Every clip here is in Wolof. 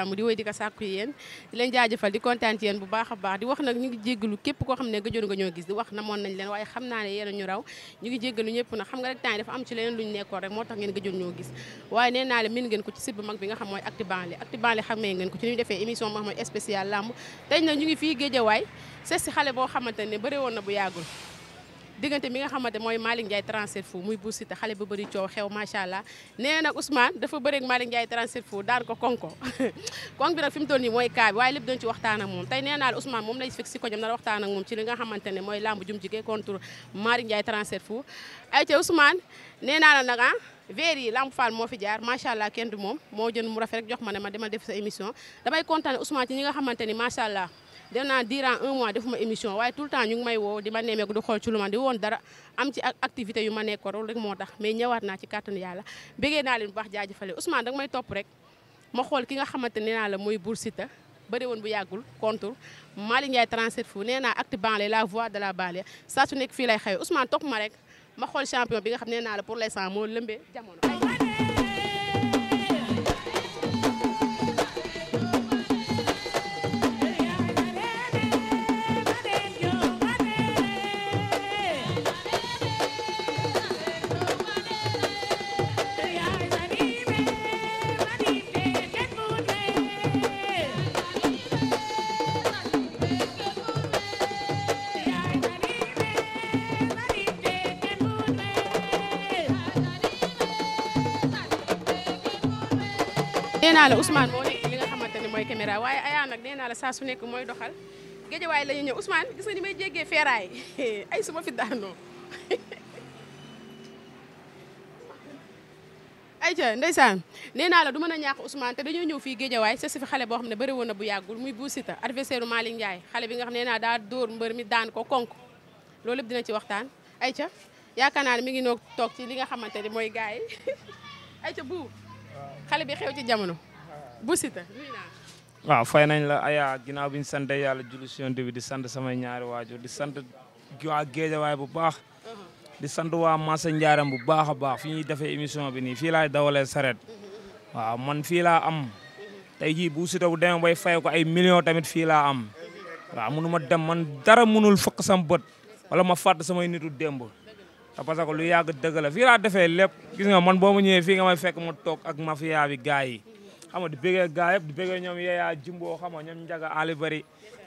jàmm di wéy di ko sàkku yéen di leen jaajëfal di kontaan yéen bu baax a baax di wax nag ñu ngi jéggalu képp koo xam ne gëjoon nga ñoo gis di wax namoon nañ leen waaye xam naa ne yéen ñu raw ñu ngi jéggalu ñëpp nag xam nga rek temps am ci leneen lu nekkoon rek moo tax ngeen gëjoon ñoo gis waaye nee naa la min ngeen ko ci site bu mag bi nga xam mooy Actu Banlieue Actu ngeen ko ci ñu defee émission boo xam làmb tey ñu ngi fii Géejawaay seet xamante ne bëre woon na bu yàggul diggante mi nga xamante mooy Malick Ndiaye transfert fu muy Bou Siteu xale bu bëri coow xew macha allah nee nag Ousmane dafa bëri ak Malick Ndiaye fu daan ko konko konk mooy kaa bi waaye lépp dañ ci waxtaan ak moom tey nee naa la Ousmane moom lay lamb jum naa la nag ah veer yi moo fi jaar macha allah kenn du moom moo jën mu rafet rek jox ma ne ma demal def sa émission damay kontaan Ousmane ci ñi nga xamante ni macha allah dem naa durant un mois defuma émission waaye tout le temps ñu ngi may woo di ma nemmeeku di xool ci lu ma di woon dara am ci activité yu ma nekkoon loolu rek moo tax mais ñëwaat naa ci kàttanu yàlla bëggee naa leen bu baax jaajëfale Ousmane danga may topp rek ma xool ki nga xamante ne naa la mooy Bour Siteu bëri woon bu yàggul contour Malick Ndiaye 37 fu nee naa acte banlieue la voix de la banlieue saa su nekk fii lay xëy Ousmane topp ma rek ma xool champion bi nga xam ne la pour l'instant moo lëmbee jamono naa la Ousmane moo nekk li nga xamante ne mooy caméra waaye Aya nag nee naa la saa su nekk mooy doxal géejawaay la ñu ñëw Ousmane gis nga ni may jéggee feeraay ay suma fi daanoo ayca ndeysaan nee naa la du mën a ñàkk Ousmane te dañoo ñëw fii géejawaay sa si fi xale boo xam ne bëri woon na bu yàggul muy Bou Siteu adversaire Malick Ndiaye xale bi nga xam nee naa daa dóor mbër mi daan ko konk loolu lépp dina ci waxtaan ayca yaakaar naa ne mi ngi noo toog ci li nga xamante ne mooy gars yi ayca bu xale bi xew ci jamono bu Siteu waaw fay nañ la ayaa ginnaaw biñ ñu sant yàlla julli si yonent bi di sant sama ñaari waajur di sant waa Géejawaay bu baax. di sant waa Massa Ndiarème bu baax a baax fi ñuy defee émission bi nii fii laay dawalee saret waaw man fii laa am tey jii bu Siteu bu demee fay ko ay millions tamit fii laa am waaw mënu ma dem man dara mënul fukk sam bët wala ma fàtt samay nitu démb. te parce que lu yàgg dëgg la fii laa defee lépp gis nga man boo ma ñëwee fii nga m fekk ma toog ak mafia bi gars yi. xam nga di bëggee gaa yëpp di bëggee ñoom yeeyaa jimbo xam nga ñoom njaga ali bari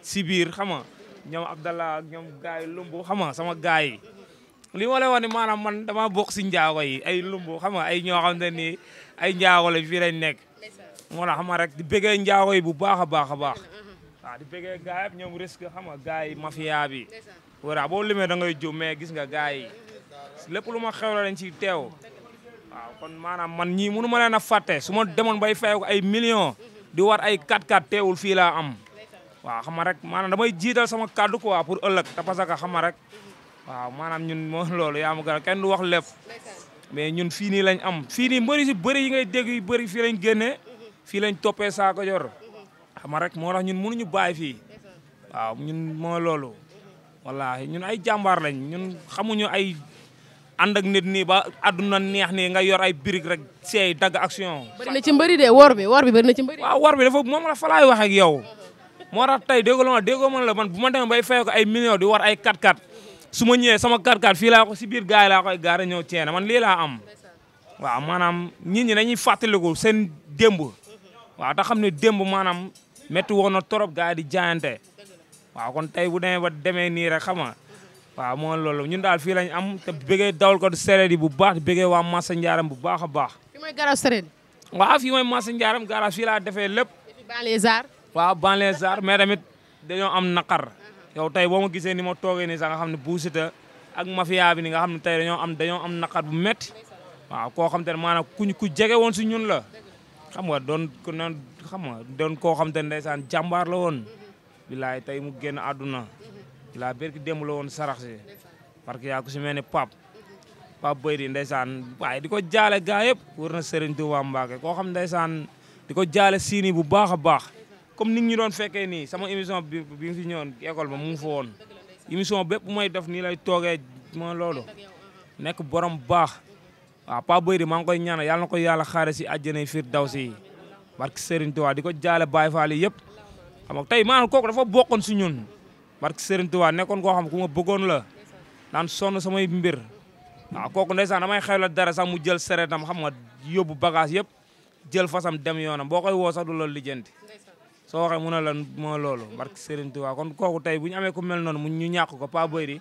si biir xam nga ñoom abdallah ak ñoom gaa yi lumbu xam sama gaa yi li ma lay wax maanaam man dama bokk si njaago yi ay lumbu xam nga ay ñoo xam ne nii ay njaago la nek lañ nekk moo tax xam nga rek di bëggee njaago yi bu baax a baax a baax waaw di bëggee gaa yëpp ñoom risque xam nga gaa yi mafia bi wara boo limee da ngay jóg mais gis nga gaa yi lépp lu ma xew dañ ci teew waaw kon man ñii mënu ma leen a fàtte su ma demoon bay fay ay millions di war ay 4-4 teewul fii laa am waaw xam nga rek maanaam damay jiital sama kàddu quoi pour ëllëg te parce que xam nga rek waaw maanaam ñun moo loolu yaa ma gën kenn du wax lef mais ñun fii nii lañ am fii nii mbëri si bëri yi ngay dégg yu bëri fii lañ génnee fii lañ toppee saako jor xam nga rek moo rax ñun mënuñu bàyyi fii waaw ñun moo loolu wallaahi ñun ay jàmbaar lañ ñun xamuñu ay ànd ak nit nii ba àdduna neex nii nga yor ay birig rek seey dagg action. bari ci mbëri de woor bi woor bi bari na ci mbëri. waaw woor bi dafa moom la fa laay wax ak yow moo tax tey déggoo la man déggoo la man bu ma demee bay fay ko ay millions di war ay 4x4 su ma ñëwee sama 4x4 fii laa ko si biir gars yi laa koy gaare ñëw ceene man lii am. waaw maanaam nit ñi dañuy fàttaliku seen démb waaw te xam ne démb maanaam métti woon na trop gars di jaayante waaw kon tey bu demee ba demee nii rek waaw moo loolu ñun daal fii lañ am te bëggee dawal ko sereet yi bu baax bëggee waa Massa Ndiaram bu baax a baax. waa mooy garage sereet. waaw fii mooy Massa Ndiaram garage laa defee lépp. waa waaw Banlieusard mais tamit dañoo am naqar. yow tey boo ma gisee ni ma toogee nii sax nga xam ne Bou Siteu ak mafia bi ni nga xam ne tey dañoo am dañoo am naqar bu metti waaw koo xam te ne maanaam kuñ ku jege woon si ñun la. xam nga doon ku noon xam nga doon koo xam te ne ndeysaan jàmbaar la woon. bilaay tey mu génn àdduna. laa berki démb la woon sarax si parce que yaa ku si mel ne pap pap bëy di saan waaye di ko jaal gaa yëpp wër na Serigne Touba Mbacke koo xam ndeysaan di ko jaale siini bu baax a baax comme nit ñi doon fekkee nii sama émission bi bi mu fi ñëwoon école ba mu ngi fa woon émission bépp may def nii lay toogee ma loolu nekk borom baax waaw pap bëy di maa ngi koy ñaanal yàlla na ko yàlla xaare si àjjana firdawsi barke Serigne Touba di ko jaal Baye Fall yëpp xam nga tey maanaam kooku dafa bokkoon si ñun barke waa ne kon koo xam ku ma bëggoon la son sonn samay mbir waaw kooku ndeysaan damay xew la dara sax mu jël seretam xam nga yóbbu bagage yëpp jël fasam dem yoonam boo koy woo sax loolu lijjanti soo waxee mu ne la moo loolu barke Serigne Touba kon kooku tey bu ñu amee ku mel noonu mu ñu ñàkk ko pa Boy di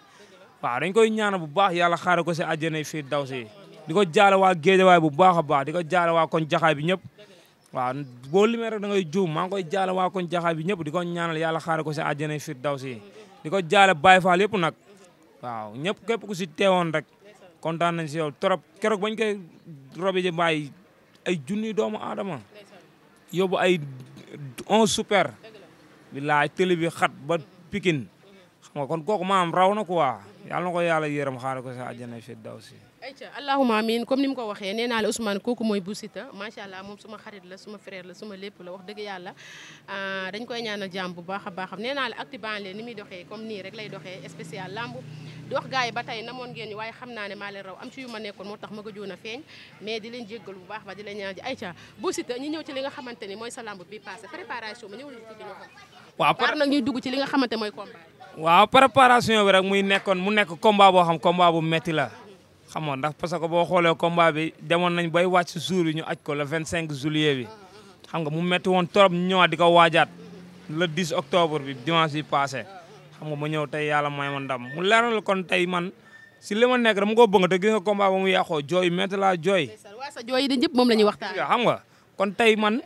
waaw dañ koy ñaana bu baax yàlla xaare ko si àjjana fii daw di ko jaale waa Géejawaay bu baax a baax di ko jaale waa kon jaxaay bi ñëpp waaw boo limee rek da ngay juum maa ngi koy jaale waa koñ jaxaay bi ñëpp di ko ñaanal yàlla xaare ko si àjjana firdawsi di ko jaale Baye Fall yëpp nag waaw ñëpp képp ku si teewoon rek kontaan nañ si yow trop keroog bañ koy robi ji bàyyi ay junni doomu aadama yóbbu ay on super bilaay télé bi xat ba Pikine nga kon kooku maam raw na quoi yàlla na ko yàlla yërëm xaare ko si àjjana firdawsi ayca allahuma amin comme ni mu ko waxee nee naa la Ousmane kooku mooy Bou Siteu macha allah moom suma xarit la suma frère la suma lépp la wax dëgg yàlla ah, dañ koy ñaanal jàmm bu baax a baaxam nee naa la acti banlieue ni muy doxee comme nii rek lay doxee spécial lamb di naa ne maa leen raw am ci yu ma nekkoon moo tax ma a feeñ mais di leen jéggal bu baax ba di leen mooy sa lamb bi passé préparation xam waaw mooy combat waaw préparation bi rek muy nekkoon mu nekk combat boo xam combat bu metti la xam nga ndax parce que boo xoolee combat bi demoon nañ bay wàcc jour yi ñu aj ko le 25 juillet bi xam nga mu metti woon trop ñu ñëwaat di ko waajaat le 10 octobre bi dimanche bi ma ñëw tey yàlla may ma ndam mu leeral kon tey man si li ma nekk dama ko bëgg te gis mu yàqoo jooy métti laa jooy. waaw sa jooy ñëpp moom la ñuy waxtaan. xam nga kon tey man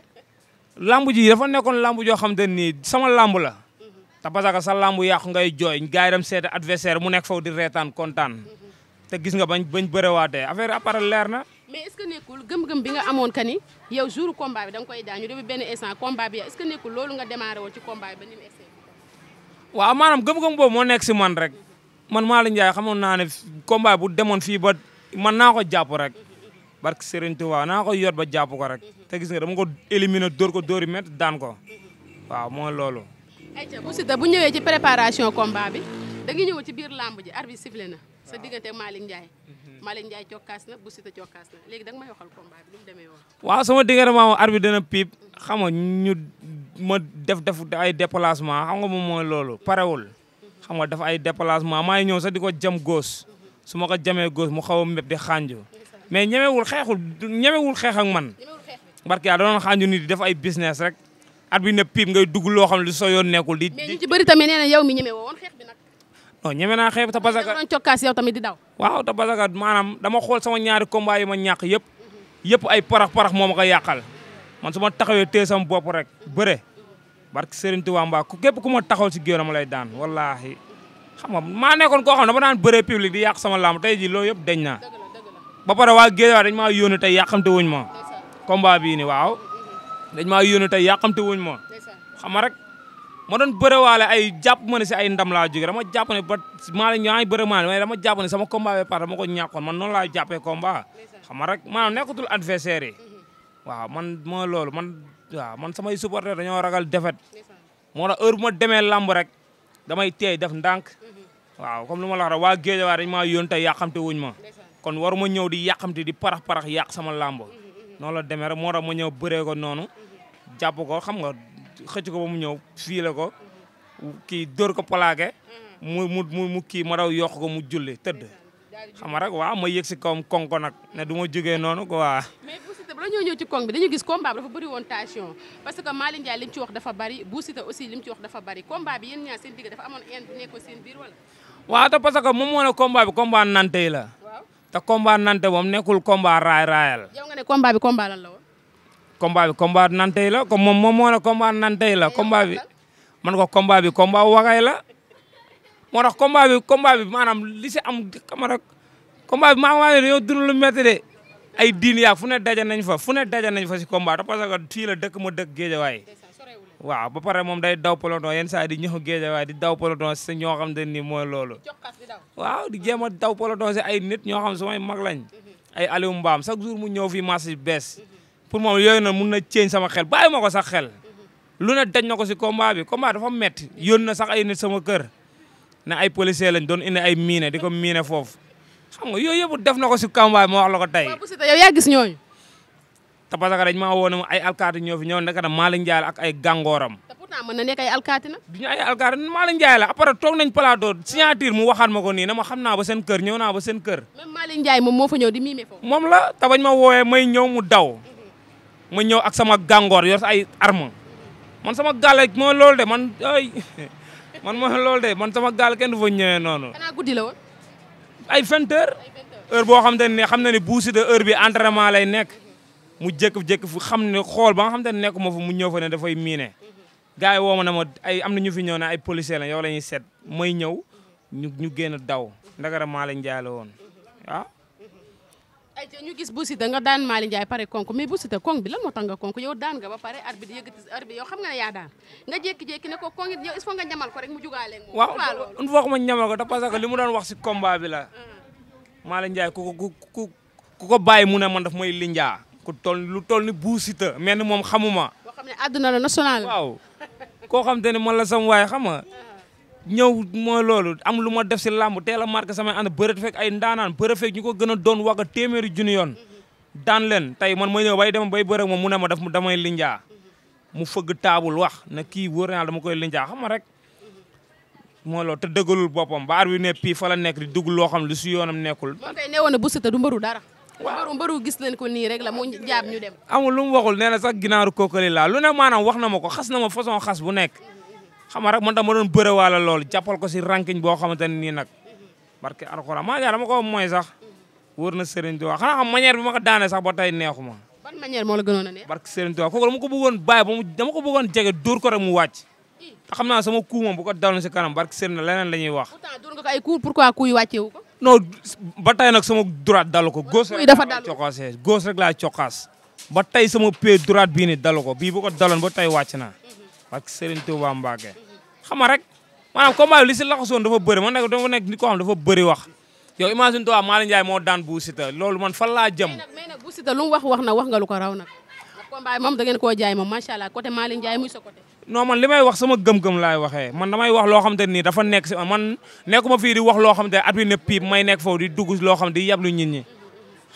lamb ji dafa nekkoon lamb joo xam te nii sama lamb la. Mhm. te parce sa lamb yàqu ngay jooy gars yi dem mu nekk foofu di reetaan kontaan. Mhm. te gis nga bañ bañ bërewaatee affaire appareil leer na. mais est ce que nekkul gëm-gëm bi nga amoon ka ni yow jour combat bi koy daañu depuis benn instant combat bi est ce que nekkul loolu nga démarré woon ci combat bi ba ni mu essayé. waaw maanaam gëm-gëm boobu moo nekk si man rek man Malick Ndiaye xamoon naa ne combat bu demoon fii ba man naa ko jàpp rek barke Serigne waa naa ko yor ba jàpp ko rek te gis nga dama ko éliminer dóor ko dóori met daan ko waaw moo loolu. ayca bu Siteu bu ñëwee ci préparation combat bi da nga ñëw ci biir làmb ji arbitre na. sa diggante Malick Ndiaye. Mhm. Malick Ndiaye cokkaas na waaw sama diggante maa moom dana piip xam nga ma def def ay déplacement xam nga moom mooy loolu parewul. xam nga dafa ay déplacement maa ñëw sax di ko jam góos. su ma ko jamee góos mu xaw a méb di xaanju. mais ñemewul xeexul ñemewul xeex ak man. barke yaa doon xaanju nit di def ay business rek. arbitre piip ngay dugg loo xam soo yoon nekkul di. mais tamit nee na mi ñeme non oh, ñeme naa xeeb te Bazaga da nga cokkaas yow tamit di daw. waaw te Bazaga maanaam dama xool sama ñaari combat yi ma ñàkk yëpp yëpp ay parax parax moo ma ko yàqal man su ma taxawee tee sama bopp rek bëre barke Serigne Touba Mbaa ku képp ku ma taxaw si géew ma lay daan wallaahi. xam nga maa nekkoon koo xam ne dama daan bëree public di yàq sama lamb tey jii loolu yëpp deñ naa ba pare waa ma dañ ta yónni tey yàqamte wuñ ma combat bii nii waaw dañ maa yónni tey yàqamte wuñ ma xam rek. ma doon waale ay jàpp ma ne si ay ndam laa jóge dama jàpp ne ba maa la ñaa ngi bëre maa ne dama jàpp sama combat bi par dama ko ñàkkoon man noonu laa jàppee combat xam nga rek maanaam nekkatul adversaire waaw man moo loolu man waaw man samay supporter dañoo ragal défaite moo tax heure ma demee lamb rek damay teey def ndànk mhm. waaw comme lu ma la wax waa géej waa dañ maa yóon tey yàqamte wuñ ma kon waruma ñëw di yàqamte di parax-parax yàq sama lamb mhm, mhm, noonu la demee moo tax ma ñëw bëree ko noonu jàpp ko xam nga xëcc ko mu ñëw fii la ko kii dóor ko plaqué mu mu mu mu kii ma yokk ko mu julli tëdd xam nga rek waaw ma yëg si kawam konko nag ne du ma noonu quoi. mais Bou Siteu ñoo ñëw ci kong bi dañu gis combat dafa bëri woon tension parce que Malick Ndiaye li mu ci wax dafa bëri Bou Siteu aussi li mu ci wax dafa bëri combat bi yéen ñaar seen digg dafa amoon haine bu nekkoon seen biir wala. waaw te parce que moom moo ne combat bi la. te combat nante moom nekkul combat ne combat bi combat lan combat bi combat nantey la comme moom moom moo ne combat la combat bi man ko combat bi combat wagay la moo tax combat bi combat bi maanaam li si am xama combat maa maa ne yow dund lu de ay diin yaa fu ne daja nañ fa fu ne daja nañ fa si combat parce que la dëkk ma dëkk géejawaay waaw ba pare moom day daw peloton yan saa di ñëw géejawaay di daw peloton si ñoo xam ne nii mooy loolu waaw di jéem daw peloton si ay nit ñoo xam ne sumay mag lañ mhm. ay Aliou Mbaam chaque jour mu ñëw fii marché bees mhm. pour moom yooyu na mun na ceeñ sama xel bàyyi ma ko sax xel lu ne daj na ko si combat bi combat dafa metti yónn na sax ay nit sama kër na ay policier lañ doon indi ay miine di ko miine foofu xam nga yooyu yëpp def na ko si combat bi ma wax la ko tey. waaw bu si te yow yaa gis ñooñu. te parce que dañ maa woo ne ma ay alkaati ñoo fi ñëw nekk na Malick Ndiaye la ak ay gàngooram. te pourtant mën na nekk ay alkaati nag. du ñu toog nañ plateau signature mu ma ko nii ne ma xam naa ba seen kër ñëw naa ba seen kër. même Malick moom moo fa ñëw di miime foofu. moom la te bañ ma woowee may ñëw mu daw. ma ñëw ak sama gàngoor yor ay arme man sama gaal moo loolu de man ay man mooy loolu de man sama gaal kenn du fa ñëwee noonu. xanaa guddi la woon. ay vingt heures. heure boo xam te ne xam na ne buusi de heure bi entraînement lay nekk mu jékki-jékki fu xam ne xool ba xam te ne nekk moo fa mu ñëw fa ne dafay miine. gars yi woo ma ne ma ay am na ñu fi ñëw ne ay policiers la yow la ñuy seet may ñëw ñu ñu génn daw ndagara maa lañ jaay woon waaw. Ah. ay te ñu gis Bou Siteu nga daan Malick Ndiaye pare konk mais Bou Siteu konk bi lan moo tax nga konk yow daan nga ba pare arbitre yëkkati arbitre yow xam nga ne yaa daan nga jékki-jékki ko konk yow il faut nga ñamal ko rek mu jugaale moom waaw ma ñamal ko da parce li mu doon wax la ah. Malick Ndiaye ku ko ku ku ko bàyyi mu ne man daf mooy linjaa lu toll ni Bou Siteu moom xamuma boo xam ne àdduna la national waaw koo xam te ne man la sam waaye ñëw moo loolu am lu ma def si làmb teel a marqué samay ànd bëreet fekk ay ndaanaan bëreet fekk ñu ko gën a doon wagga téeméeri junni yoon daan leen tey man ma ñëw bay dem bay bëreeg moom mu ne ma daf damay linjaa mu fëgg taabul wax na kii wóor naa dama koy linjaa xam nga rek moo loolu te dëggalul boppam baar ar bi ne pii fa la nekk di dugg loo xam lu si yoonam nekkul. moom tey newoon na bu Siteu du mbëru dara. waaw gis nañ ko nii rek la mu jaab ñu dem. amul lu mu waxul nee na sax ginaaru kookali laa lu ne maanaam wax na ma ko xas na ma façon xas bu nekk xam nga rek man dama doon bëre waale loolu jàppal ko si ranking boo xamante ne nii nag barke alxuraan maa dama ko mooy sax wóor na Serigne Touba xanaa xam manière bi ma ko daanee sax ba tey neexu ma. ban manière moo la gënoon a neex. barke Serigne Touba kooku dama ko bëggoon bàyyi mu dama ko bëggoon naa sama coup moom bu ko daloon si kanam barke Serigne leneen la ñuy wax. pourtant dóor nga ko ay coup pourquoi coup ko. non ba tey nag sama droite dalu ko. laa cokkaas góos rek laa bii ni dalu ko bii bu ko daloon ba tey wàcc naa parce que Serigne Touba Mbacke nga rek maanaam combat bi dafa bëri ma nekk dafa nekk nit koo xam dafa bëri wax yow daan Bou Siteu loolu laa jëm. mais nag wax na wax nga lu ko raw nag. combat moom koo jaay moom macha allah côté Malick Ndiaye muy sa côté. non man li may wax sama gëm-gëm laay waxee man damay wax loo xamante nii dafa nekk si man nekk ma fii di wax loo xamante at bi ne piip may nekk foofu di dugg loo xam di yablu nit ñi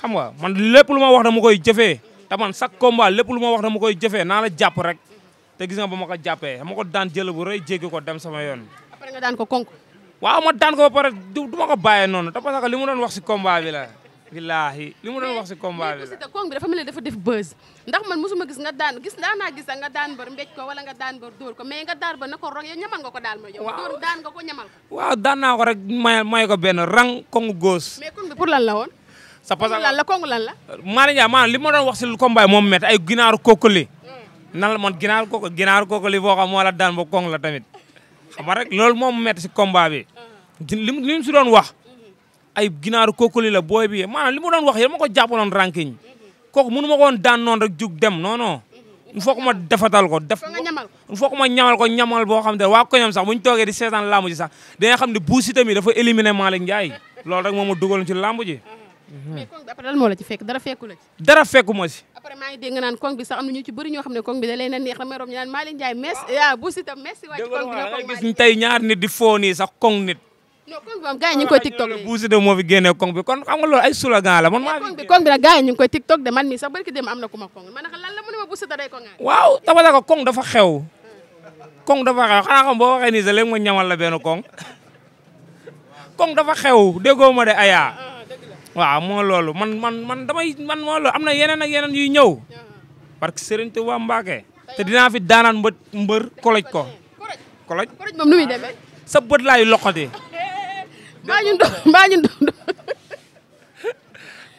xam nga man lépp lu ma wax mu koy jëfee te man chaque combat lépp lu ma wax mu koy jëfee naa la jàpp rek te gis nga ba ma ko jàppee ma ko daan jël bu rëy jéggi ko dem sama yoon. après nga daan ko konk. waaw ma daan ko ba pare du ma ko bàyyee noonu te parce que li mu doon wax si combat bi doon wax si combat bi la mais kong bi dafa mel ni dafa def buzz ndax man gis nga daan gis naa gis nga daan bër mbéj ko wala nga daan bër dóor ko mais nga daan bër na ko rog yow ñamal nga ko daal ma yow. daan nga ko ñamal ko. naa ko rek may ko benn rang kongu góos. mais kong bi pour lan la woon. sa parce que lan la kongu lan la. Malick Ndiaye maanaam li ma doon wax si combat moom métti ay ginaaru kokkali. nan la man ginaar kooku ginaar kooku li boo xam la daan ba koŋ la tamit xam nga rek loolu moom met si combat bi. li mu li si doon wax ay ginaaru kookali la booy bi maanaam li mu doon wax yéen ma ko jàppaloon rankiñ kooku mënu ma ko woon daan noon rek jug dem non non il faut que ko def il faut que ma ñamal ko ñamal boo xam ne waa koñam sax bu ñu toogee di seetaan lamb ji sax danga xam ne Bou Siteu mi dafa éliminer Malick Ndiaye loolu rek moom ma dugaloon ci lamb ji. mais kooku après lan moo la ci fekk dara fekku la dara fekku ma si. après maa ngi dégg naan kong bi sax am na ñu ci bëri ñoo xam ne kong bi da leen a neex damay rob ñu naan maa leen jaay mes yaa bu si tam mes si wàcc kong bi na ko gis tey ñaar nit di foo nii sax kong nit non kong bi moom gars yi ñu ngi koy tiktok buusi de moo fi génnee kong bi kon xam nga loolu ay slogan la man maa kong bi kong bi nag gars yi ñu ngi koy tiktok de man mii sax barki dem am na ku ma kong man nag lan la mu ne ma buusi da day kongaa waaw dama la ko kong dafa xew kong dafa xew xanaa xam boo waxee nii sax léegi ma ñamal la benn kong kong dafa xew déggoo ma de ayaa ah. waaw moo loolu man man man damay man moo loolu am na yeneen ak yeneen yuy ñëw parce que Serigne Touba Mbacke te dinaa fi daanaan mbë mbër koloj ko koloj moom nu muy demee sa bët laay loqati mbaa ñun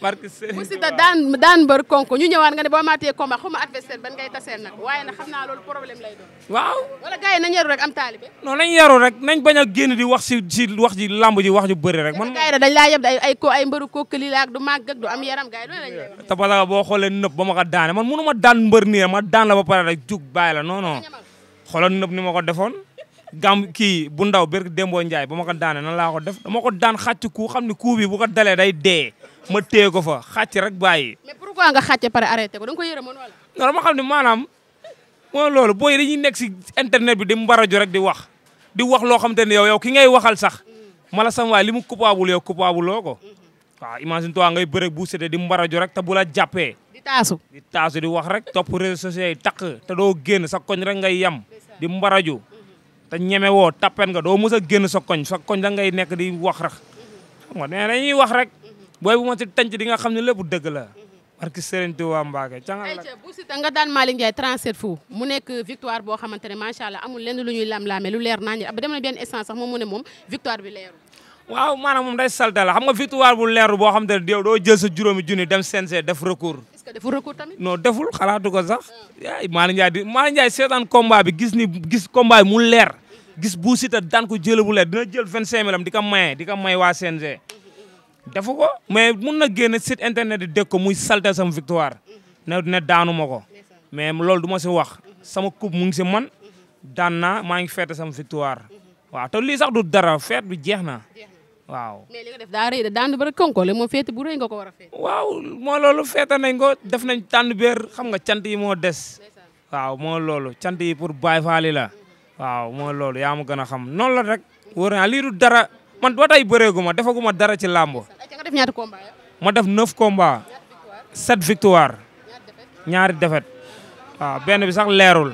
barke bu si da daan daan mbër konko ñu ñëwaat nga ne boo maatee ko xuma adversaire ban ngay tasee nag waaye nag xam naa loolu problème lay doon. waaw wala gars yi nañ yaru rek am taalibe. non nañ yaru rek nañ bañ a génn di wax si si wax ji lamb ji wax ju bëri rek. man gars dañ laa yeb ay ay ko ay mbëru kookali la ak du màgg ak du yaram gars yi loolu lay wax. boo xoolee nëb ba ma ko daane man mënu ma daan mbër nii ma daan ba pare rek jug bàyyi la non non xoolal ni ma ko defoon. gam kii bu ndaw bér Dembo Ndiaye ba ma ko daane nan laa ko def dama ko daan xàcc ku xam ne kuu bu ko dalee day dee ma téye ko fa xàcc rek bàyyi. mais pourquoi nga xàcce pare arrêté ko da nga ko yërëmoon wala. non xam ne maanaam mooy loolu booy dañuy nekk si internet bi di mbarajo rek di wax di wax loo xam te ne yow yow ki ngay waxal sax mm. mala sam waay li mu coupable yow coupable loo ko mm-hmm. waaw imagine toi ngay bëre bu sete di mbarajo rek te bu la jàppee. di taasu di wax rek topp réseaux sociaux yi takk te doo génn sa koñ rek ngay yem di mbarajo mm-hmm. te ñeme woo tappen nga doo mës a génn sa koñ sa koñ da ngay nekk di wax rek mm-hmm. nee dañuy wax rek. booy bu ma ci tànc di nga xam ne lépp dëgg la. Mm-hmm. barki Serigne Touba Mbacké cangal la. bu Siteu nga daan Malick Ndiaye 37 fu mu nekk victoire boo xamante ne macha allah amu lenn lu ñuy lam lamlaame lu leer naa ñu ab dem na benn instant sax moom mu ne moom victoire bi leer waaw maanaam moom day saltal xam nga victoire bu leer boo xam ne yow doo jël sa juróomi junni dem CNG def recours. est-ce que deful recours tamit. non deful xalaatu ko sax. Ah. yaay Malick seetaan combat bi gis ni gis combat bi mu leer. Mm-hmm. gis bu Siteu daan ko jëlee bu leer dina jël 25 000 di ko maye di ko may waa CNG. Mm-hmm. defu ko mais mun na génne site internet di dégg ko muy salté sama victoire ne ne daanu ma ko mais loolu du ma si wax sama coupe mu ngi si man daan naa maa ngi feete sama victoire waaw te lii sax du dara feet bi jeex na waaw. def daa rëy de daan ba rek konkole moom bu rëy nga ko war a feete. moo loolu feete nañ def nañ tànn beer xam nga cant moo des. waaw moo loolu cant yi pour Baye Fall la mm-hmm. waaw moo loolu yaa ma gën a xam noonu la rek wóor naa lii du dara. man doo tay bëreegu ma ma dara ci làmb. ma def neuf komba sept victoire ñaari défaite waaw benn bi sax leerul.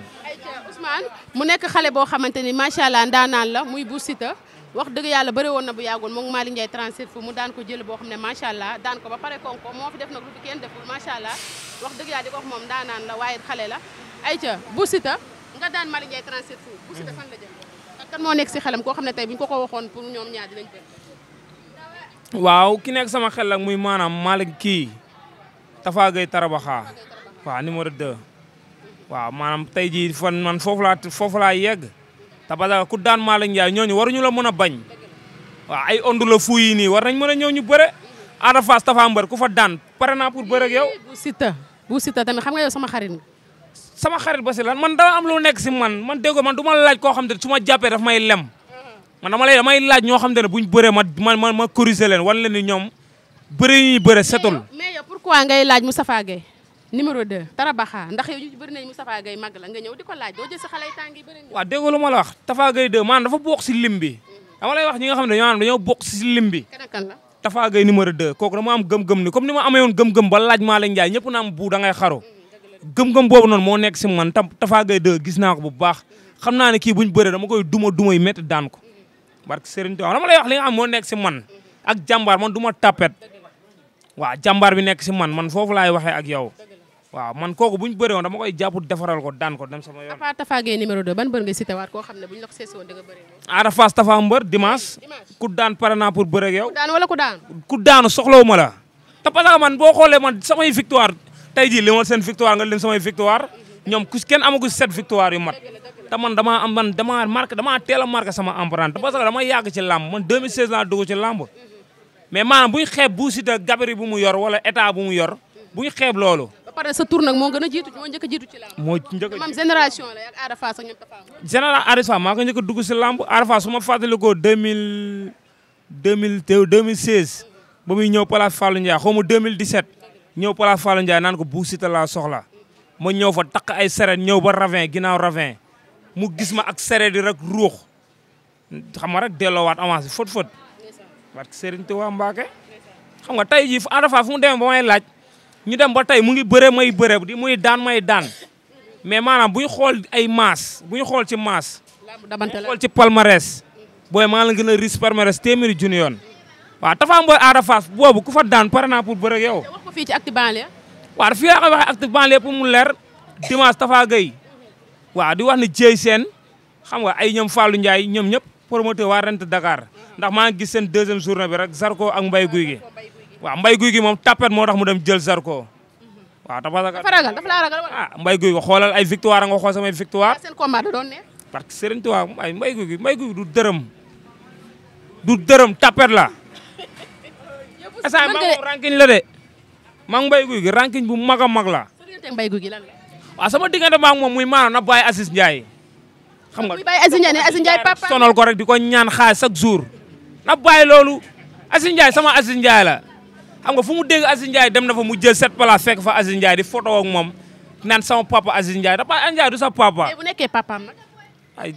Ousmane mu nekk xale boo xamante ni macha allah ndaanaan la muy Bou Siteu wax dëgg yàlla bëri woon na bu yàggoon moom Malick Ndiaye 37 fu mu daan ko jël boo xam ne macha allah daan ko ba pare konko moo fi def nag lu fi kenn deful macha allah wax dëgg yàlla di ko moom moom naan la waaye xale la. ayca Bou Siteu nga daan Malick Ndiaye fu Bou Siteu kan moo nekk si xelam koo xam ne tey bu ko ko waxoon pour ñoom ñaar dinañ bëgg. waaw ki nekk sama xel ak muy maanaam Malick kii Tafa Gueye Tarabaxa waaw numéro 2. waaw maanaam tey jii fan man foofu laa foofu laa yegg te parce que ku daan Malick Ndiaye ñooñu ñu la mën a bañ. waaw ay ondu la fu yi nii war nañ mën a ñëw ñu bëre. Ada Fass Tafa Mbër ku fa daan pare naa pour bëre ak yow. bu Siteu bu xam nga yow sama xarit sama xarit ba si lan man dama am lu nekk si man man déggoo man du ma laaj ko xam ne su ma jàppee daf may lem man dama lay damay laaj ñoo xam ne buñ bëree ma ma ma corriger leen wan leen ni ñoom bëri ñuy bëre setul. mais yow laaj Moustapha Gueye numéro 2 Tarabaxa ndax yow ñu bëri nañ Moustapha la nga ñëw di laaj doo jël sa xale tàng yi bëri waaw déggoo lu ma si lim bi dama lay wax ñi nga xam ne maanaam bokk si lim bi Tafa Gueye kooku dama am gëm-gëm ni comme ni ma amee gëm-gëm ba laaj Malick Ndiaye ñëpp na am bu da ngay xaru gëm-gëm boobu noonu moo nekk si man tam Tafa Gueye 2 gis naa ko bu baax xam naa ne kii buñ bëree dama koy duma duma yu métti daan ko barke Serigne Touba dama lay wax li nga xam moo nekk si man ak jàmbaar man du ma tapet waaw jàmbaar bi nekk si man man foofu laay waxee ak yow waa man kooku buñ bëree woon dama koy jàpp defaral ko daan ko dem sama yoon. Apa Tafa Gueye numéro 2 ban bër nga cité waat koo xam ne ko da nga bëree Ada daan pare naa pour bëree ak yow ku daan wala ku daan ku daanu soxlawu ma la te parce que man boo xoolee man samay victoire tey jii li ma seen victoire nga lim samay victoire ñoom kenn amagu sept victoire yu mat te man damaa am man damaa a marqué sama empreinte parce que dama yàgg ci làmb man 2016 laa dugg ci làmb mais maanaam buy xeeb bu mu yor bu mu yor a jiitu moo njëkk a jiitu ci làmb. moo njëkk a maam génération la ak Ada ko njëkk a dugg si làmb ba muy ñëw place Fallou Ndiaye xaw ñëw place Fallou Ndiaye naan ko Bou Siteu laa soxla ma ñëw fa takk ay seret ñëw ba ravin ginnaaw ravin mu gis ma ak seret yi rek ruux xam nga rek delloowaat avancé fët fët parce que Serigne Touba Mbacké xam nga tey jii fu Fass fu mu demee ba may laaj ñu dem ba tey mu ngi bëre may bëre di muy daan may daan mais maanaam bu xool ay maas bu xool ci maas bu xool ci palmarès booy maa la gën a riche palmarès téeméeri junni yoon waaw Tapha Mbeur Ada boobu ku fa daan pare naa pour bëre yow fii ci acte banlieue. waaw fii laa koy waxee mu leer dimanche Tafa Gueye waaw di wax na Dieye Sène xam nga ay ñam ñoom Fallou Ndiaye ñoom ñëpp promoteur waa rent Dakar ndax maa ngi gis seen deuxième journée bi rek Zarko ak Mbaye Guy gi waaw Mbaye Guy gi moom tapet moo tax mu dem jël Zarko. waaw dafa ragal dafa laa ragal ah Mbaye Guy gi xoolal ay victoire nga xool samay victoire. seen combat da doon ne. parce que Serigne Touba ay Mbaye Guy gi Mbaye Guy gi du dërëm du dërëm tapet la. yëpp la de. maa ngi Mbaye Gouye Gui ranking bu mag a mag la. waaw sama diggante maa ngi moom muy maanaam na bàyyi Aziz Ndiaye. xam nga muy bàyyi Aziz Ndiaye di ko ñaan xaalis chaque jour. na bàyyi loolu Aziz sama Aziz Ndiaye la xam nga fu mu dégg Aziz dem na fa mu jël set place fekk fa Aziz Ndiaye di photo ak moom naan sama papa Aziz Ndiaye da Aziz Ndiaye du sa papa. bu nekkee papaam nag. ay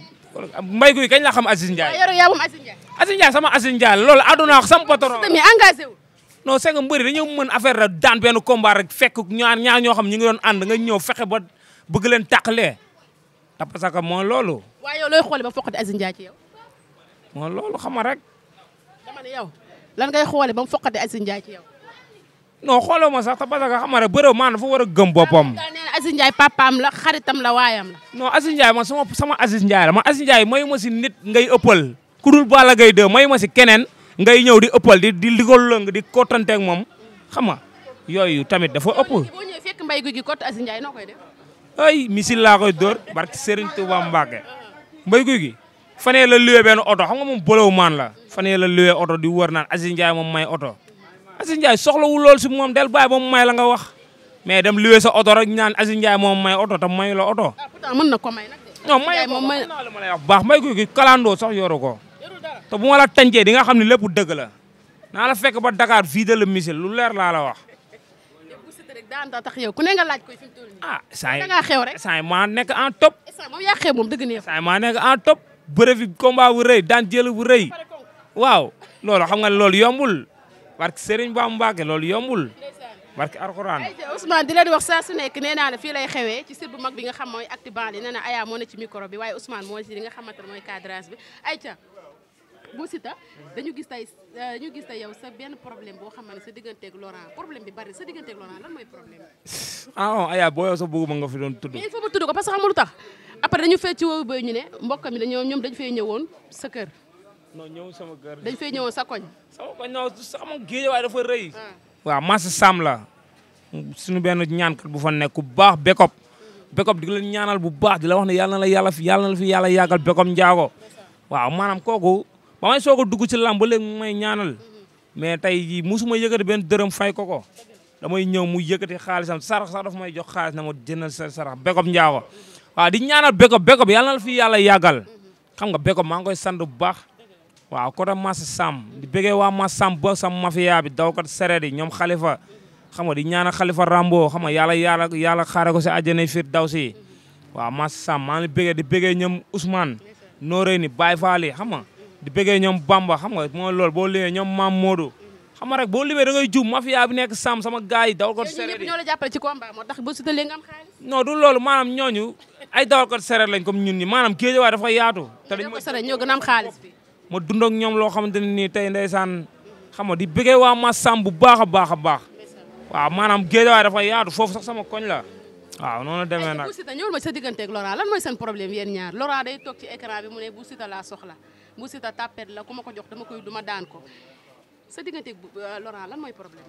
Mbaye Gouye kañ la xam Aziz ah, sama Aziz Ndiaye la loolu sama patron. wu. non c'est que mbëri dañoo mën affaire la daan benn combat rek fekk ñaar ñaar ñoo xam ñu ngi doon ànd nga ñëw fexe ba bëgg leen tàqalee te parce que mooy loolu. waaye yow looy xoole ba foqati Aziz Ndiaye ci yow. mooy xam nga rek. dama ne ngay xoole ba mu foqati Aziz Ndiaye ci yow. non xooloo ma sax te parce que xam rek bërëb maanaam dafa war a gëm boppam. daa nee na Aziz Ndiaye la xaritam la waayam la. non Aziz Ndiaye sama sama Aziz Ndiaye la man Aziz Ndiaye mayu ma si nit ngay ëppal. ku dul Balla Gaye 2 mayu ma si keneen ngay ñëw di ëppal di di di ko di kottanteeg moom xam nga yooyu tamit dafa ëpp. boo ñëwee fekk mbay guy gi kott Aziz Ndiaye noo koy def. ay misil laa koy dóor barke Serigne Touba Mbacke mbay guy gi fanee la luwee benn oto xam nga moom bëlewu maan la fanee la luwee oto di wër naan Aziz Ndiaye moom may oto Aziz Ndiaye soxlawu lool si moom del bàyyi ba mu may la nga wax mais dem luwee sa oto rek ñaan Aziz moom may oto te mayu la oto. Ah, mën na ko ma lay baax mbay guy gi kalandoo sax yoru ko. te bu ma la tàncee di nga xam ne lépp dëgg la naa la fekk ba Dakar vidé le missile lu leer laa la wax. ah saa yi saa yi maa nekk en top. Eh, saa yi maa nekk en top. bëre bi combat bu rëy daan jël bu rëy waaw loolu xam nga loolu yombul barke Serigne Ba Mbacke loolu yombul. barke Alxuraan Ousmane di leen wax saa su nekk nee naa la fii ci site bu mag bi nga xam mooy Actubanli nee na Aya moo ne ci micro bi waaye Ousmane moo ci li nga xamante ne mooy cadrage bi Bou Siteu dañu gis tey euh, dañu gis tey yow sa benn problème boo xam ne sa digganteeg Laurent problème bi bari sa digganteeg Laurent lan mooy problème aa ah, ayaa boo yow boo bëgguma nga fi doon tudd mais il faut ma tudd ko parce que xam lu tax après dañu fecc woowu bay ñu ne mbokk mi dañoo ñoom dañu fay ñëwoon sa kër non ñëw sama kër dañ fay ñëwoon sa koñ sama koñ non sama géej waaye ah. waaw Massa Sam la suñu benn ñaankat bu fa nekk bu baax Bekop Bekop di leen ñaanal bu baax di la wax ne yàlla na la yàlla fi yàlla na la fi yàlla yàggal Bekop Njaago waaw maanaam kooku ba may soog a dugg ci làmb ba léegi mu ñaanal mais tey jii musuma yëkkati benn dërëm fay ko ko damay ñëw mu yëkkati xaalisam sarax sax dafa may jox xaalis na ma jëndal sa sarax Bécob Ndiago waaw di ñaanal Bécob Bécob yàlla na la fi yàlla yàggal xam nga Bécob maa ngi koy bu baax waaw côté Massa Sam di bëggee waa Massa Sam ba mafia bi dawkat sereet yi ñoom xalifa xam nga di ñaanal xalifa Rambo xam nga yàlla yàlla yàlla xaare ko si daw firdawsi waa Massa Sam maa ngi bëggee di bëggee ñoom Ousmane Noreyni Baye Fall xam di bëggee ñoom Bamba xam nga mooy loolu boo limee ñoom Maam Modou xam nga rek boo limee da ngay jub mafia bi nekk Sam sama gars yi dawal ko sereer yi ñoo la jàppale ci combat moo tax ba su ay dawal ko sereer lañ comme ñun ñi maanaam géej waaye dafa yaatu te dañ ñoo gën a am xaalis ma dund ak ñoom loo xamante ne nii tey ndeysaan xam nga di bëggee waa ma Sam bu baax a baax a baax waaw maanaam géej waaye dafa yaatu foofu sax sama koñ la waaw noonu demee nag Bou Siteu ñëwul ma sa digganteeg Laurent lan mooy seen problème yéen ñaar Laurent day laa soxla bu Siteu tapet la ku ma ko jox dama koy duma daan ko sa diggante euh, Laurent lan mooy problème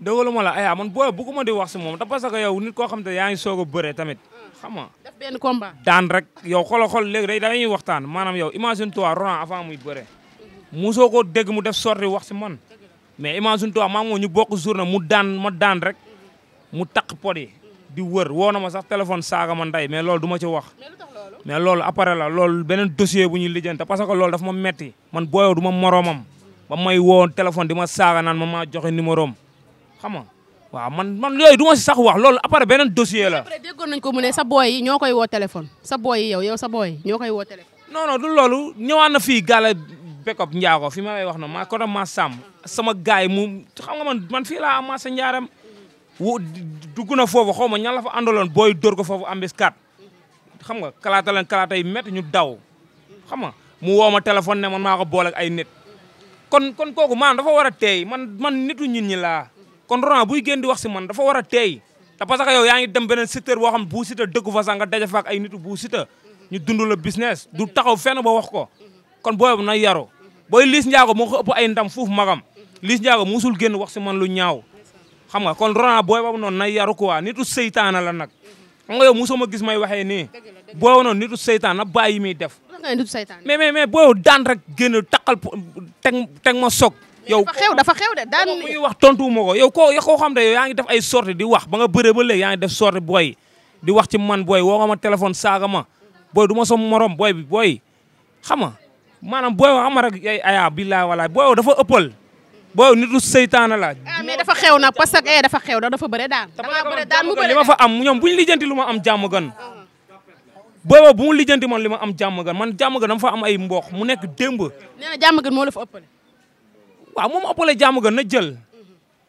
dëggalu ma la ayaa man booy bu ko ma wax si moom da parce que yow nit koo xam te yaa ngi soog a bëree tamit ah. xam nga def benn daan rek yow xoolal xool léegi day dañuy waxtaan maanaam yow imagine toi Laurent avant muy bëree musoo mhm. ko dégg mu def sorti wax si man mais imagine toi maa moom ñu bokk na mu daan ma daan rek mhm. mu taq pot yi di wër woo na ma sax téléphone saaga man ndey mais loolu duma ci wax mais loolu après la loolu beneen dossier bu ñuy lijjante parce que loolu dafa ma metti man booyoo du ma moroomam ba may woo téléphone di ma saaga naan ma maa joxe numéro am xam nga waaw man man yooyu du ma sax wax loolu après beneen dossier la. après déggoon nañ ko mu ne sa booy yi ñoo koy woo téléphone sa booy yi yow yow sa booy ñoo koy woo téléphone. non non du loolu ñëwaat na fii gàlla bekop njaago fi ma wax na maa ko doon maa sàmm sama gaay mu xam nga man man fii la am maa sa njaaram wu dugg na foofu xaw ma ñan la fa àndaloon booy dóor ko foofu ambis 4 xam nga kalaata leen kalaata yu métti ñu daw xam nga mu woo ma téléphone ne man maa ko boole ay nit. kon kon kooku maanaam dafa war a teey man man nitu ñit ñi laa kon Laurent buy génn di wax si man dafa war a teey te que yow yaa ngi dem beneen secteur boo xam Bou Siteu dëkku fa sax nga daje fa ay nitu Bou Siteu ñu dund la business du taxaw fenn ba wax ko kon booy bu na yaru booy Liss Ndiago moo ko ay ndam fuuf magam Liss Ndiago musul génn wax si man lu ñaaw xam nga kon Laurent booy boobu noonu na yaru waa nitu seytaana la nag xam nga yow mosoo ma gis may waxee nii. booy woon nitu seytaan na bàyyi muy def. mais mais mais booy daan rek génn takkal teg teg ma soog. yow dafa xew xew de daan muy wax tontu ma ko yow ko koo xam ne yow yaa ngi def ay sorti di wax ba nga bëree ba léegi yaa ngi def sorti booy di wax ci man booy woo nga ma téléphone saaga ma du ma sa morom booy bi booy xam nga maanaam booy xam nga rek ay ayaa billaay walaay booy dafa ëppal. booy u seytaane laaj. ah mais dafa xew na parce que eh, dafa xew na dafa bëre daan. damaa bëre daan mu fa am ñoom bu ñu lijjanti lu ma am jàmm gan. Uh-huh. booy bu mu lijjanti man li ma am jàmm gan man jàmm gan dama fa am ay mboox mu nekk démb. nee na jàmm gan moo la fa ëppale. moom ëppale jàmm gan na jël.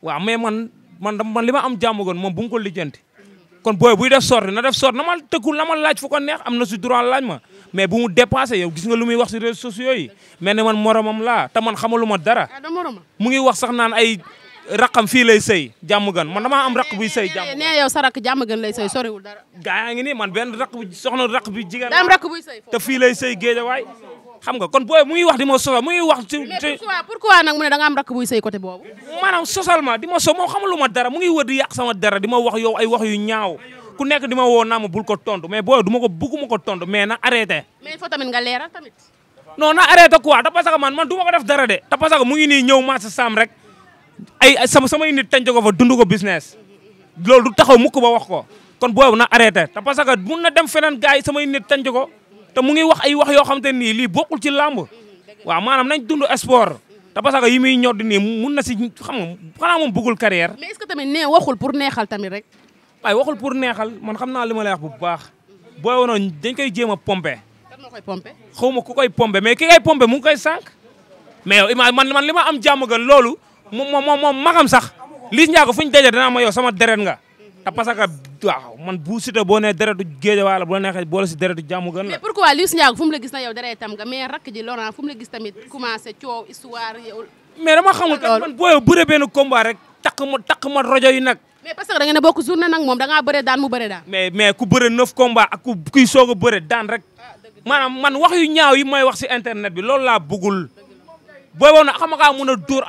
waaw mais man man man li ma am jàmm moom bu mu lijjanti. kon booy buy def sorte na def sorte na ma tëkkul na man laaj fu ko neex am na si droit laaj ma mais bu mu dépassé yow gis nga lu muy wax si réseaux sociaux yi mais ne man moromam laa te man xamaluma dara ah, mu ngi wax sax naan ay raqam fii lay sëy jàmm gan ma man ma am raq buy sëy jàmm nee yow sa raq jàmm gan lay sëy soriwul dara gaa ngi ni man benn raq bu soxna raq bi jigéen am raq buy sëy te fii lay sëy géejawaay xam nga kon booy mu ngi wax di ma sosal mu ngi wax. ci léegi pourquoi nag mu ne da nga am rakk buy sëy ma di ma so moo xamul ma dara mu ngi wër di yàq sama dara di ma wax yow ay wax yu ñaaw ku nekk di ma woo naa ma bul ko tontu mais booy du ma ko bugguma ko tontu mais na arrêté. mais il faut tamit nga leeral tamit. non na arrêté quoi te parce que man man du ma ko def dara de. te parce que mu ngi nii ñëw marché rek ay sama samay nit tënc ko fa dund ko business loolu du taxaw ko ba wax ko kon booy na arrêté te parce mun na dem feneen gars yi samay nit tënc ko te mu ngi wax ay wax yoo xam te nii lii bokkul ci làmb waaw maanaam nañ dund sport te parce que yi muy ñor di nii mun na si xam nga xanaa moom bëggul carrière. mais que tamit nee waxul pour neexal rek. ay waxul pour neexal man xam naa li ma lay wax bu baax booy woon dañ koy jéem pompe pompé. kan koy pompé. xaw ma ku koy pompé mais ki koy pompé mu ngi koy sànq. mais yow man man li ma am jàmm gan loolu moom moo moom ma xam sax Liss Ndiago fu ñu daje danaa ma yow sama deret nga. te parce que waaw man bu Siteu boo nee deretu Géejawaay la bu la neexee boole si deretu jàmm gën la. mais pourquoi Liss Ndiago fu mu na yow deretam nga mais rakk ji Laurent fu mu la tamit commencé coow histoire yow. mais dama xamul kat man booyoo bëre benn combat rek takk ma takk yi nag. mais parce que da ngeen a bokk journée nag moom da bëre daan mu bëre daan. mais ku bëre neuf combat ak ku kuy soog a bëre daan rek ah, man wax yu ñaaw yi may wax si internet bi loolu laa bëggul. booy xam nga mun a dóor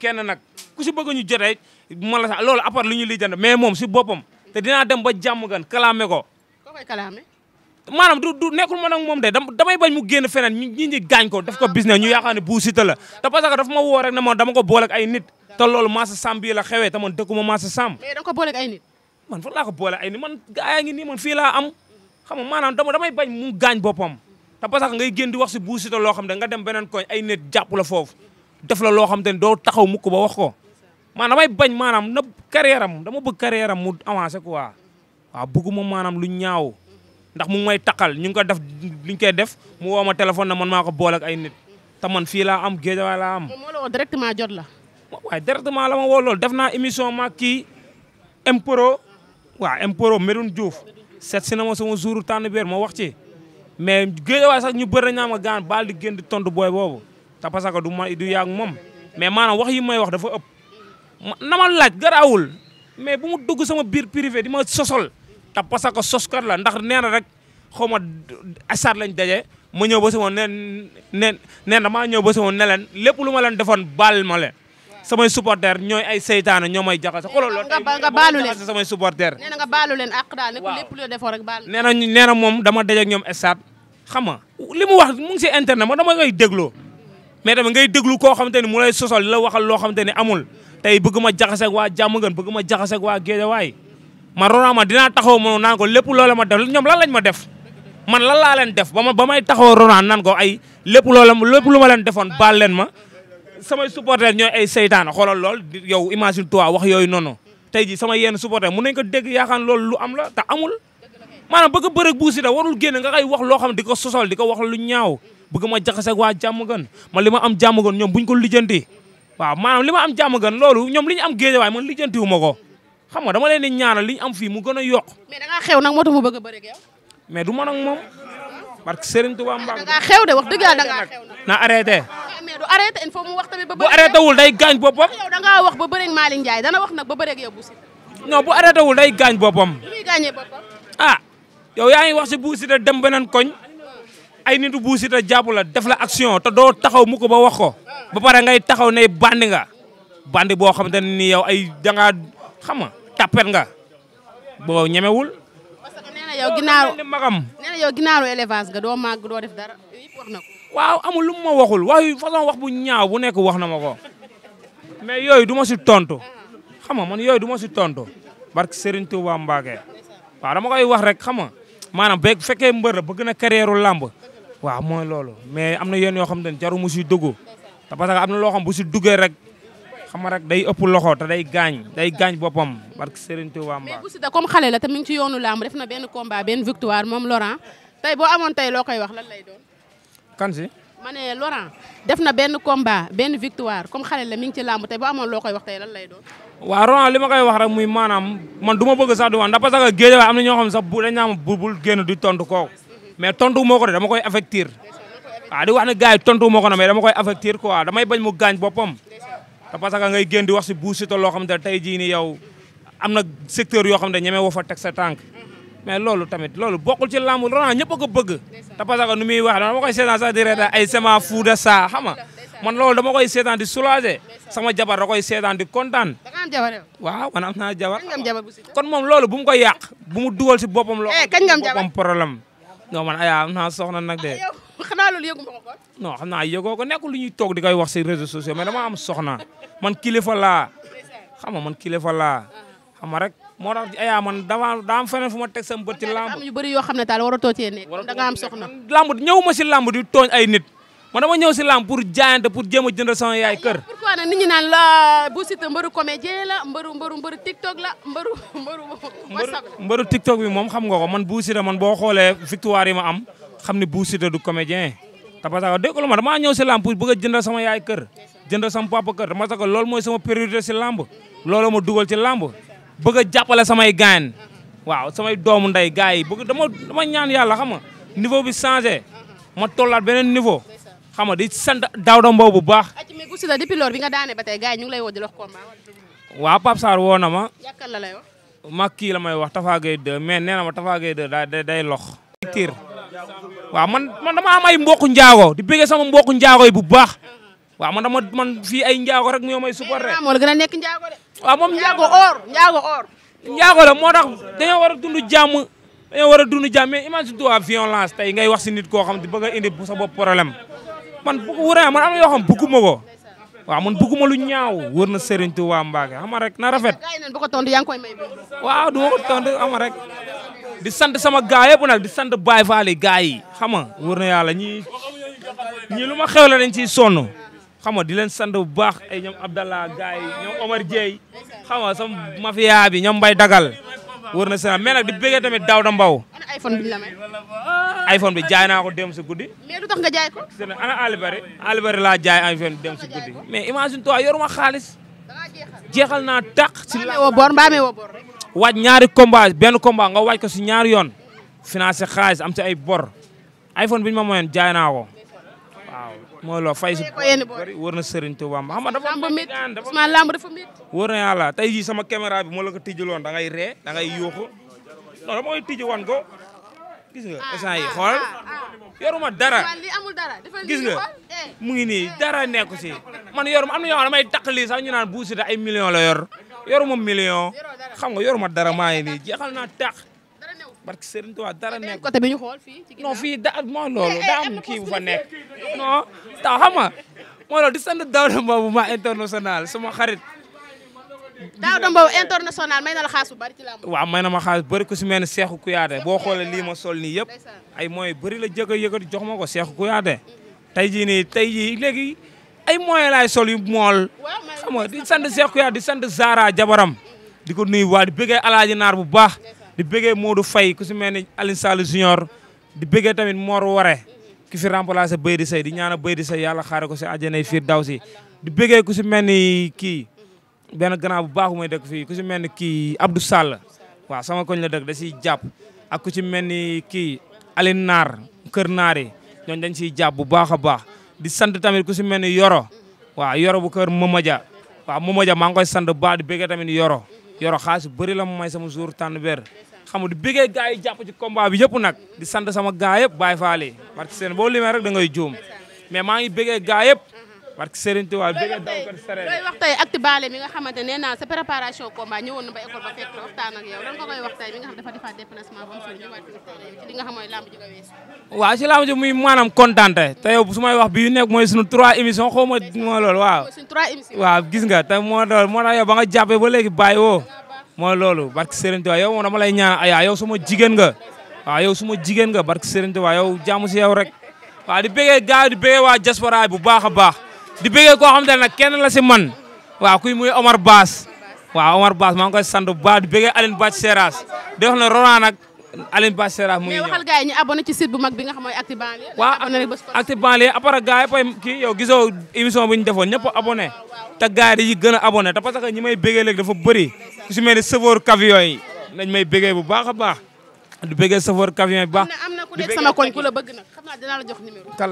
kenn nag ku si bëgg ñu jotee man la sax loolu à part lu ñu li jënd mais moom si boppam te dinaa dem ba jàmm gan kalaame ko. koo koy kalaame. maanaam du du nekkul ma nag moom de damay bañ mu génn feneen ñi ñi gaañ ko def ko business ñu yaakaar ne Bou Siteu la te parce que daf ma woo rek ne ma dama ko boole ak ay nit. te loolu Massa Samb bii la xewee te man dëkkuma Massa Samb. mais da nga ko boole ay man fan laa ko boole ay nit man gaa ngi nii man fii laa am xam nga maanaam dama damay bañ mu gaañ boppam. te parce que ngay génn di wax si Bou Siteu loo xam ne nga dem beneen koñ ay nit jàpp la foofu def la loo xam te ne doo taxaw mukk ba wax ko maanaam damay bañ maanaam na carrière am dama bëgg carrière am mu avancé quoi waaw bëgguma maanaam lu ñaaw ndax mu ngi may taqal ñu ngi ko def li koy def mu woo ma téléphone na man maa ko boole ak ay nit te man fii laa am géej waay laa am. moom moo directement jot la. directement la ma woo loolu def naa émission ma kii Imporo waaw Imporo Medoune Diouf seet si na ma sama jour tànn biir ma wax ci mais géej waay sax ñu bëri na ma gaan baal di génn tontu booy boobu te parce que du ma du yàgg moom mais maanaam wax yi may wax dafa ëpp. na ma laaj garaawul mais bu mu dugg sama biir privé di ma sosol te parce que soskat la ndax nee na rek xaw ma asaar lañ daje ma ñëw ba si moom neen neen nee na maa ñëw ba si moom ne leen lépp lu ma leen defoon baal ma leen samay supporter ñooy ay seytaane ñoo may jaxase xoolal loolu nga baalu leen samay na nga baalu leen ak daal lépp lu defoon rek baal nee na nee moom dama daje ak ñoom stade xam nga li mu wax mu ngi si internet ma dama koy dégloo mais tamit ngay déglu koo xamante ni mu lay sosol la waxal loo xamante amul tey bëgg ma jaxase waa jàmm ngeen bëgg ma jaxase ak waa géejawaay man Ronaldinho dinaa taxaw ma naan ko lépp loola ma def ñoom lan lañ ma def man lan laa leen def ba ma ba may taxaw Ronaldinho naan ay lépp loola lépp lu ma leen defoon baal leen ma samay supporters ñooy ay seytaane xoolal lool yow imagine toi wax yooyu noonu tey ji sama yenn supporters mun nañ ko dégg yaakaan loolu lu am la te amul maanaam bëgg bërëg buusi da warul génn nga koy wax loo xam di ko sosol di ko wax lu ñaaw bëgg ma jaxase ak waa jàmm gën man li ma am jàmm gën ñoom buñ ko lijjanti waaw maanaam li ma am jàmm gën loolu ñoom li ñu am géejawaay man lijjantiwu ma ko xam nga dama leen di ñaanal li ñu am fii mu gën a yokk mais da ngaa xew nag moo tax mu bëgg a bëri ak du man ak moom parce que Serigne Touba Mbacke ah, da ngaa xew de wax dëgg yàlla da ngaa na arrêté ah, mais du arrêté il wax ba bëri bu arrêté wul day gaañ boppam yow da ngaa wax ba bëri ak Malick Ndiaye dana wax nag ba bëri ak yow Boussita non bu arrêté wul day gaañ boppam muy gaañee boppam ah, yow yaa ngi wax si Boussita dem beneen koñ ay nitu Bou Siteu jàpp la def la action te doo taxaw mu ko ba wax ko ba pare ngay taxaw ne bandi nga bandi boo xam ne ni yow ay dangaa xam nga tapet nga boo ñemewul. parce na yow ginaaru nee na yow doo màgg doo def dara yëpp waaw amul lu ma waxul wax yu façon wax bu ñaaw bu nekk wax na ma ko mais yooyu duma si tontu xam nga man yooyu duma si tontu barke Serigne Touba Mbacke waaw dama koy wax rek xam nga maanaam bu fekkee mbër la bëgg na carrière lamb waaw mooy loolu mais am na yéen yoo xam ne jaru mu si dugg te parce que am loo xam bu si duggee rek xam nga rek day ëpp loxo te day gaañ day gaañ boppam barke Serigne Touba Mbacké mais Bou xale la te mi ngi ci yoonu làmb def na benn combat benn victoire moom Laurent tey boo amoon loo koy wax lan lay doon kan si ne Laurent def na benn combat benn victoire comme xale la mi ngi ci làmb tey boo amoon loo koy wax tey lan lay doon waaw Laurent li ma wax rek muy maanaam man du ma bëgg sax du ma ndax parce que géej waaye am na ñoo xam ne sax bu dañ naan bu bul génn di tontu kooku mais tontu moo ko de dama koy affectir waaw ah, di wax ne gars yi tontu moo ko na mais dama koy affectir quoi damay bañ mu gaañ boppam te parce que ngay génn di wax si Bou Siteu loo xam ne tey jii ni yow am na secteur yoo xam ne ñeme woo fa teg sa tànk mais loolu tamit loolu bokkul ci làmb Laurent ñëpp a ko bëgg te parce que nu muy wax dama koy seetaan sax di reetaan ay sement fou de ça xam nga man loolu dama koy seetaan di soulager sama jabar da koy seetaan di kontaan waaw man am naa jabar kon moom loolu bu mu ko yàq bu mu dugal si boppam loo eh, boppam problème no man ayaa naa soxna nag de. Ah, xanaa loolu yëgu ma ko kon. non xam naa yëgoo ko nekkul lu ñuy toog di koy wax si réseaux sociaux mais dama am soxna man kilifa laa xam nga man kilifa laa xam nga rek moo tax ayaa man dama daa am feneen fu ma teg sama bët ci lamb. am yoo xam ne taal waratoo cee nekk da nga am soxna. lamb ñëw ma si lamb di tooñ ay nit. man dama ñëw si lamb pour jaayante pour jéem a jëndal sama yaay kër. pourquoi nag nit ñi naan la bu Siteu mbëru comédien la mbëru mbëru mbëru TikTok la mbëru mbëru whatsapp la. mbëru TikTok bi moom xam nga ko man bu Siteu man boo xoolee victoire yi ma am xam ne bu Siteu du comédien. te parce que déglu ma damaa ñëw si lamb pour bëgg a jëndal sama yaay kër jëndal sama papa kër dama sax loolu mooy sama priorité si lamb loolu ma dugal ci lamb bëgg a jàppale samay gaan waaw samay doomu nday gars yi bëgg dama dama ñaan yàlla xam nga niveau bi changé ma tollaat beneen niveau xam nga di sant Daouda Mbow bu baax. depuis loolu bi nga daane ba tey gars yi ñu ngi lay woo di la combat. waaw woo na ma. yàkkal la wax. ma kii wax Tafa Gueye 2 mais nee na ma Tafa Gueye 2 day waaw man man dama am ay mbokku njaago di bëggee sama mbokku njaago yi bu baax. waaw man dama man fii ay njaago rek ñoo may supporté. waaw moo gën a moo tax dañoo war a dund jàmm dañoo war a dund jàmm mais imagine toi violence tey ngay wax si nit koo xam di bëgg a indi sa bopp problème. man bu ko wëree ko waaw man bëgguma lu ñaaw wër na Serigne Touba Mbacke xam rek na rafet. waaw du ma ko tontu xam di sant sama gaay yëpp nag di sant Baye Fall gaay yi xam nga wër na yàlla ñii lu ma xewle dañ ciy sonn. xam nga di leen sant bu baax ay ñoom Abdallah gaay yi ñoom Omar Dieye xam sama mafia bi ñoom Mbaye Dagal wër na seen mais nag di bëggee tamit Daouda Mbaw iPhone bi la may. iPhone jaay naa ko dem si guddi. mais lu tax nga jaay ko. ana Alibari Alibari laa jaay iPhone dem si guddi. mais imagine toi yoruma naa tàq. si la waa bor mbaa mee woo bor rek. waaj ñaari combat benn combat nga waaj ko si ñaari yoon. financé xaalis am si ay bor. iPhone bi ma moyoon jaay naa ko. waaw mooy loo fay si bëri na Serigne Touba xam nga dafa dafa métti wër na yàlla tey jii sama caméra bi moo la ko tijjiloon da ngay ree da ngay yuuxu non dama koy tijji wan ko gis nga ah, instant yi ah, xool ah, yoruma dara gis nga eh. mu ngi nii eh. dara nekku si man yoruma am na ñoo xam ne damay takk lii sax ñu naan Bou Siteu ay million la yor ma million xam nga yoruma dara maa ngi nii jeexal naa takk barke Serigne Touba dara nekk côté bi ñu xool fii fii da mooy loolu eh, daa am kii bu fa nekk non taw xam nga mooy loolu di sant Daouda ma international sama daaw Demba international may na la xaalis bu bari ci làmb. waaw ma xaalis bëri ku si Kuyaate boo xoolee lii ma sol nii yëpp ay moyens bëri la jëkk a yëkkati jox ma ko Seexu Kuyaate. Mhm. tey jii nii tey jii léegi ay moyens laay sol yu mool xam nga di sant Seexu Kuyaate di sant Zara Jabaram mhm. di ko nuyu waa di bëggee Alaaji Naar bu baax di bëggee Modou Faye ku si mel ni Alioune Sall Junior di bëggee tamit Mor Ware mhm. ki fi remplacé Baydi Sey di ñaanal Baydi Sey yàlla xaare ko si àjjanay fiir daw benn grand bu baax mooy dëkk fii ku ci mel ni kii Abdou Sall waaw sama koñ la dëkk da ciy jàpp ak ku ci mel ni kii Aline Naar Kër Naar yi ñooñu dañ ciy jàpp bu baax a baax di sant tamit ku ci mel ni Yoro waaw Yoro bu kër Momadja waaw Momadja maa ngi koy sant bu baax di bëggee tamit Yoro Yoro xaal bu bëri la mu may sama jour tànn ber xam nga di bëggee gars yi jàpp ci combat bi yëpp nag di sant sama gars yëpp Baye Fall yi parce seen boo limee rek da ngay juum mais maa ngi bëggee gars yëpp parce que Serigne Touba bëgg dawkat sare looy wax tey acte baale mi nga xamante nee naa sa préparation combat ñëwoon na ba école ba fekk waxtaan ak yow lan ko koy wax tey mi nga xam dafa defaat déplacement ba mu sori ñëwaat ci li nga xam mooy lamb ji nga wees waaw ci lamb ji muy maanaam kontante te yow su may wax bii nekk mooy suñu trois émissions xaw ma moo loolu waaw suñu trois émissions waaw gis nga te moo loolu moo tax yow ba nga jàppee ba léegi bàyyi woo moo loolu barke Serigne Touba yow moom dama lay ñaan ayaa yow suma jigéen nga waaw yow suma jigéen nga barke Serigne Touba yow jaamu si yow rek waaw di bëggee gars di bëggee waa diaspora bu baax a baax di bëggee koo xam te nag kenn la si kuy muy Omar Baas waaw Omar Baas maa koy sant bu baax di bëggee Aline Bathie Seras di wax ne Rona nag Aline Bathie Seras mu ngi ci site bu mag bi nga xam mooy Actu Banlieue. waaw Actu Banlieue après ah, gars yi pay a ñi may bëggee léegi dafa bëri ku si mel sëfoor camion yi dañ may bëggee bu baax a baax di sëfoor camion yi bu baax. am na ku nekk sama koñ ku la bëgg nag xam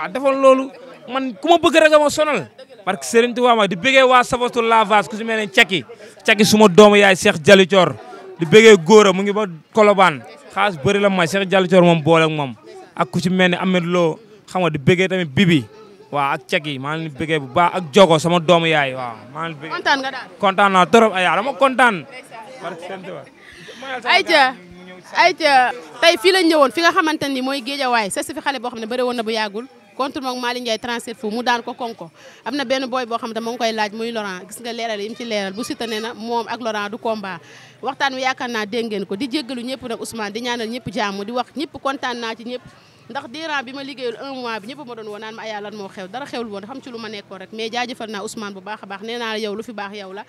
naa loolu man ku ma bëgg rek a ma sonal parce que Serigne Touba ma di bëggee waa Safatu Lavage ku si mel ne Cekki Cekki suma doom yaay Cheikh Jali Thior di bëggee góor a mu ngi ba Kolobaan xaas bëri la ma Cheikh Jali Thior moom boole ak moom ak ku ci mel ne Ahmed Lo xam nga di bëggee tamit Bibi waaw ak Cekki maa ngi leen bu baax ak Jogo sama doomu yaay waaw maa kontaan nga daal kontaan naa trop ay yaa dama kontaan parce que Serigne Touba ayca ñëwoon fi nga xamante ni mooy Géejawaay sa si fi xale boo xam ne bëri woon na bu yàggul contre moom Malick Ndiaye 37 fu mu daan ko konko am na benn booy boo xam ne moo koy laaj muy Laurent gis nga leeral yi mu ci leeral bu Siteu nee na moom ak Laurent du combat waxtaan wi yaakaar naa dégg ngeen ko di jéggalu ñëpp nag Ousmane di ñaanal ñëpp jàmm di wax ñëpp kontaan naa ci ñëpp ndax durant bi ma liggéeyul un mois bi ñëpp ma doon woo naan ma ayaa lan moo xew dara xewul woon xam ci lu ma nekkoon rek mais jaajëfal naa Ousmane a baax nee naa yow baax yow la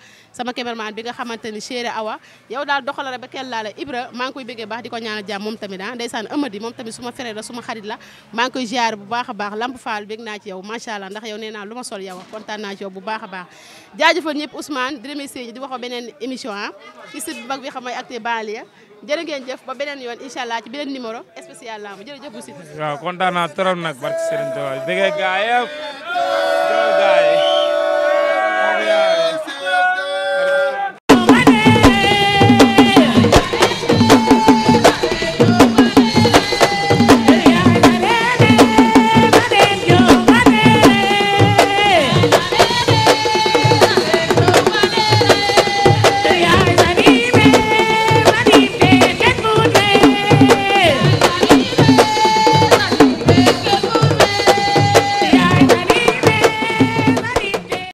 bi nga xamante ni Awa yow daal doxala ba kenn Ibra maa koy bëggee baax di ko ñaanal jàmm moom tamit ah ndeysaan Amady moom tamit suma frère la suma xarit la maa koy ziar bu baax a baax Lamp Fall bëgg naa ci yow macha allah ndax yow nee lu ma sol yow kontaan naa ci yow bu baax a baax jaajëfal ñëpp Ousmane di remercier jërë ngeen jëf ba beneen yoon incha allah ci beneen numéro spécial laamu jërëjëf bu Siteu. waaw kontaan naa trop nag barke Serigne Touba dégg nga gaa yëpp.